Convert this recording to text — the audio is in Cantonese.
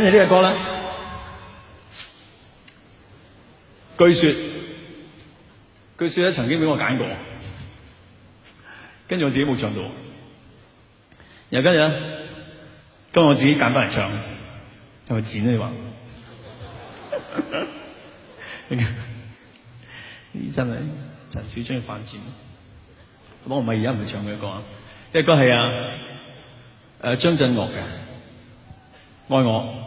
跟住呢個歌咧，據說據說咧曾經俾我揀過，跟住我自己冇唱到，又跟住咧，今日我自己揀翻嚟唱，係咪剪咧你話？你真係陳小春犯賤，我唔係而家唔唱佢嘅歌，一、這個係誒、啊啊、張震岳嘅《愛我》。